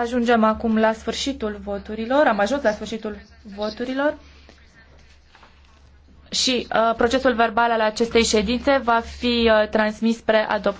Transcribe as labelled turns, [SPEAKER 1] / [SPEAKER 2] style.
[SPEAKER 1] Ajungem acum la sfârșitul voturilor. Am ajuns la sfârșitul voturilor. Și uh, procesul verbal al acestei ședințe va fi uh,
[SPEAKER 2] transmis spre adoptare.